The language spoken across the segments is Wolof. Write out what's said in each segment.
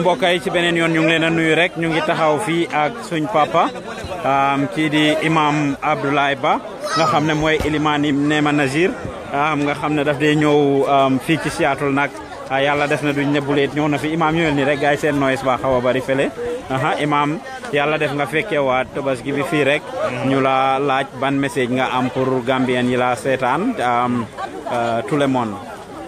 mbokk yi ci beneen yoon ñu ngi leen a nuyu rek ñu ngi taxaw fii ak suñ papa kii di imam Abdoulaye Ba nga xam ne mooy Ilimani Nema Nazir nga xam ne daf dee ñëw fii ci Seattle nag ah, yàlla def na duñ ne buleet ñëw na fi imam ñëwel nii rek gars yi seen noise ba xaw a bari fële imam yàlla def nga fekkewaat tabaski bi fii rek ñu la laaj ban message nga am pour Gambien yi la seetaan euh, tout le monde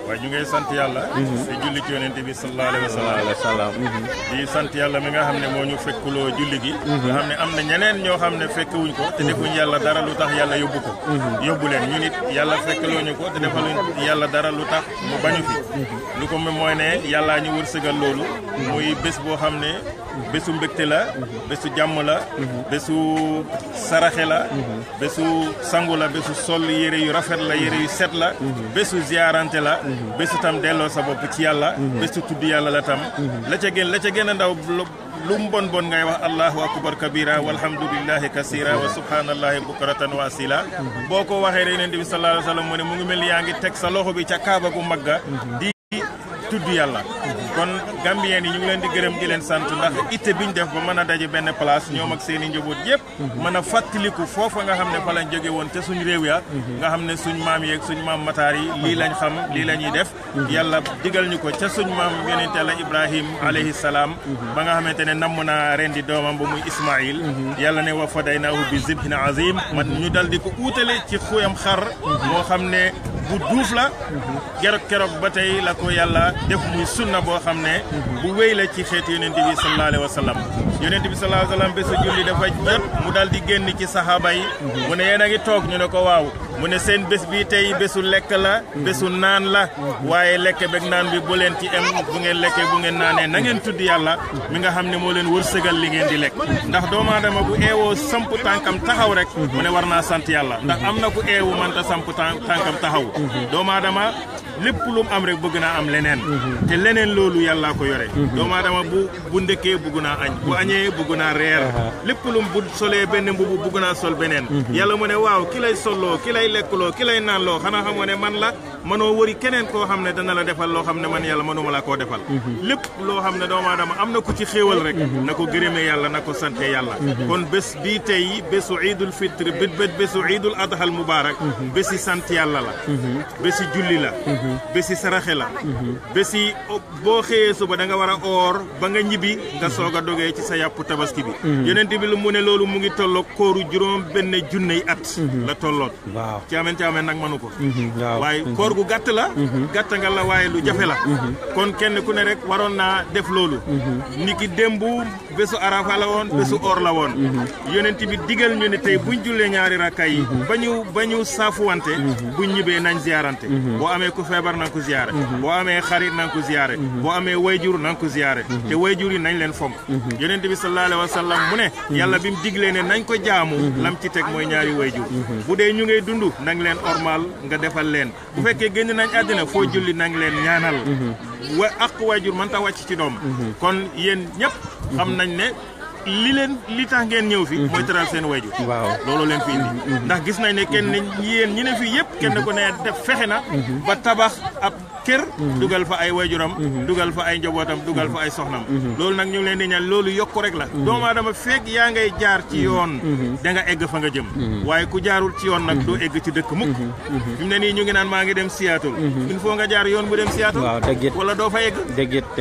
waaye ñu ngay sant yàlla mhm. di julli ci yonente bi sallallahu alayhi wa sallam mhm. di sant yàlla mi nga xam ne moo ñu fekkuloo julli gi mhm. nga xam ne am na ñeneen ñoo xam ne fekkewuñ ko te defuñ yàlla dara lu tax yàlla yóbbu ko yóbbu leen ñu nit yàlla fekkuloo ñu ko te defaluñ yàlla dara lu tax mu bañu fi lu ko mooy ne yàlla ñu wërsëgal loolu muy bés boo xam ne bésu mbégte la bésu jàmm la bésu saraxe la bésu sangu la bésu sol yére yu rafet la yére yu set la bésu la bés itam delloo sa bopp ci yàlla mhm. bés tudd yàlla la tam mhm. la ca gën la ca gën a ndaw lu mu bon bon ngay wax allahu akbar kabira walhamdulillahi kasira wa subhanallahi bukratan wa asila mhm. boo ko waxee rek yonent bi sallallahu alayhi wa sallam mu ne ngi mel ni yaa ngi teg sa loxo bi ca kaaba gu ga tudd yàlla kon gambien yi ñu ngi leen di gërëm di leen sant ndax itte biñ def ba mën a daje benn place ñoom ak seen i njaboot yëpp mën a fàttaliku foofa nga xam ne fa lañ jóge woon te suñ réew ya nga xam ne suñ maam yeeg suñ maam mataar yi lii lañ xam lii la ñuy def yàlla digal ñu ko ca suñ maam yonent yàlla ibrahim alayhi salaam ba nga xamante ne namm naa rendi doomam ba muy ismail yàlla ne wa fadaynahu bi zibhin azim man ñu dal di ko uutale ci xuyam xar moo xam ne bu duuf la gerog keroog ba tey la ko yàlla def muy sunna boo xam ne bu wéy la ci xeetu yonente bi sallallahu alayhi wa sallam yonente bi sallallahu alayhi wa sallam bésu julli dafa jot mu daal di génn ci sahaaba yi mhm. mu ne yéen a ngi toog ñu ne ko waaw mu ne seen bés bi tey bésu lekk la bésu naan la waaye lekk beeg naan bi bu leen ci em bu ngeen lekkee bu ngeen naanee na ngeen tudd yàlla mi nga xam ne moo leen wërsëgal li ngeen di lekk ndax doomu aadama bu eewoo samp tànkam taxaw rek mu ne war naa sant yàlla ndax am na ku eewu mënta samp tànkam taxaw doomu aadama lépp lu mu am rek bëgg naa am leneen te leneen loolu yàllaa ko yore doomu aadama bu bu ndëkkee bëgg naa añ bu añee bugg naa reer lépp lu bu benn mbubu bugg naa sol beneen mhm. lay lekkuloo ki lay naan loo xanaa xamoo ne man la mënoo wëri keneen koo xam ne dana la defal loo xam ne man yàlla mënuma la koo defal mhm. lépp loo xam ne doomu aadama am na ku ci xéewal rek mhm. na ko gërëmee yàlla na ko sante yàlla mhm. kon bés bii tey bésu iidul fitri bét bét bésu iidul adhal mubaarak bési sant yàlla la bési julli la bési saraxe la bési boo xëyee suba da nga war a oor ba nga ñibbi nga soog a dogee ci sa yàpp tabaski bi yonent bi lu mu ne loolu mu ngi tolloog kóoru juróom benn junney at la tolloon waaw caamen caamen nag mënu gu gàtt la gàtt nga la waaye lu jafe la kon kenn ku ne rek waroon naa def loolu ni ki démb bésu arafa la woon bésu or la woon yonent bi digal ñu ne tey buñ jullee ñaari rakka yi ba ñu ba ñu saafuwante buñ ñibee nañ ziyaarante boo amee ku feebar nanga ko ziare boo amee xarit nanga ko ziare boo amee wayjur nanga ko ziare te wayjur yi nañ leen fonk yonent bi sallallahu alayhi wa sallam mu ne yàlla bi mu diglee ne nañ ko jaamu lam ci teg mooy ñaari wayjur bu dee ñu ngay dund nang leen ormal nga defal leen bu fekkee fekkee génn nañ àddina foo julli nang leen ñaanal mhm. wa ak waajur mën ta wàcc ci doom mhm. kon yéen ñëpp xam nañ ne li leen li tax ngeen ñëw fi mhm. mooy teral seen waajur waaw loolu leen fi indi mhm. ndax gis nañ ne kenn mhm. yéen ñi ne fi yëpp kenn ko ne def fexe na ba tabax ab kër dugal fa ay waajuram dugal fa ay njabootam dugal fa ay soxnam loolu nag ñu leen di ñaan loolu yokk rek la doomu aadama fekk yaa ngay jaar ci yoon danga nga egg fa nga jëm waaye ku jaarul ci yoon nag doo egg ci dëkk mukk fi mu ne nii ñu ngi naan maa ngi dem Seattle il faut nga jaar yoon bu dem Seattle wala doo fa egg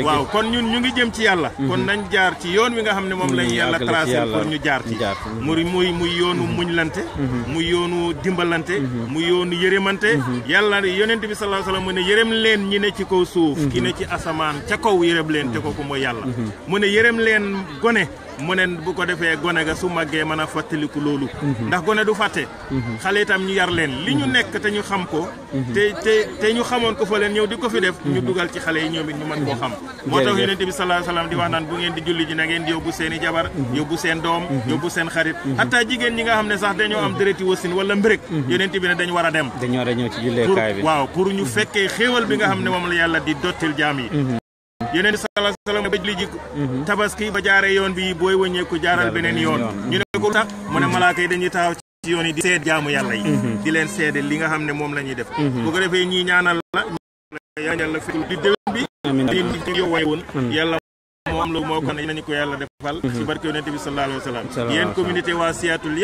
waaw kon ñun ñu ngi jëm ci yàlla kon nañ jaar ci yoon wi nga xam ne moom lañ yàlla tracé pour ñu jaar ci mu muy muy yoonu mm-hmm. muñlante mm-hmm. muy yoonu dimbalante mm-hmm. mu yoonu yërëmante yàlla yonent bi sallallahu alayhi wasallam mu ne yërëm leen ñi ne ci kaw suuf ki ne ci asamaan ca kaw yërëm leen te kooku mooy yàlla mu ne yërëm gone mu ne bu ko defee gone ga su maggee mën a fàttaliku loolu. Mhm. ndax gone du fàtte. Mhm. xale tam ñu yar leen li ñu mhm. nekk te ñu xam ko. te te te ñu xamoon ko fa leen ñëw di ko fi def. ñu dugal ci xale yi ñoom it ñu mën koo xam. moo tax yonent bi sallallahu alayhi wasallam di wax naan bu ngeen di julli ji na di yóbbu seen i jabar. yóbbu seen doom. yóbbu seen xarit. hatta jigéen ñi nga xam ne sax dañoo am dërëti wasin wala mbërëg. yonent bi ne dañu war a dem. dañoo war bi waaw nga xam ne moom la yàlla di dottil jaam yi yeneen sallallahu alayhi wasallam bëj tabaski ba jaare yoon bi booy wëññeeku jaaral beneen yoon ñu ne ko tax mu ne malaaka yi dañuy taxaw ci yoon yi di seed jaamu yàlla yi mm-hmm. di leen seede li nga xam ne moom la ñuy def mm-hmm. bu ko defee ñii ñaanal la ñaanal la fekk di déwén bi di yow woon mm-hmm. yàlla moo am loolu moo kon ko yàlla defal ci barke yonent bi sallallahu alayhi wasallam yéen communauté waa Seattle yépp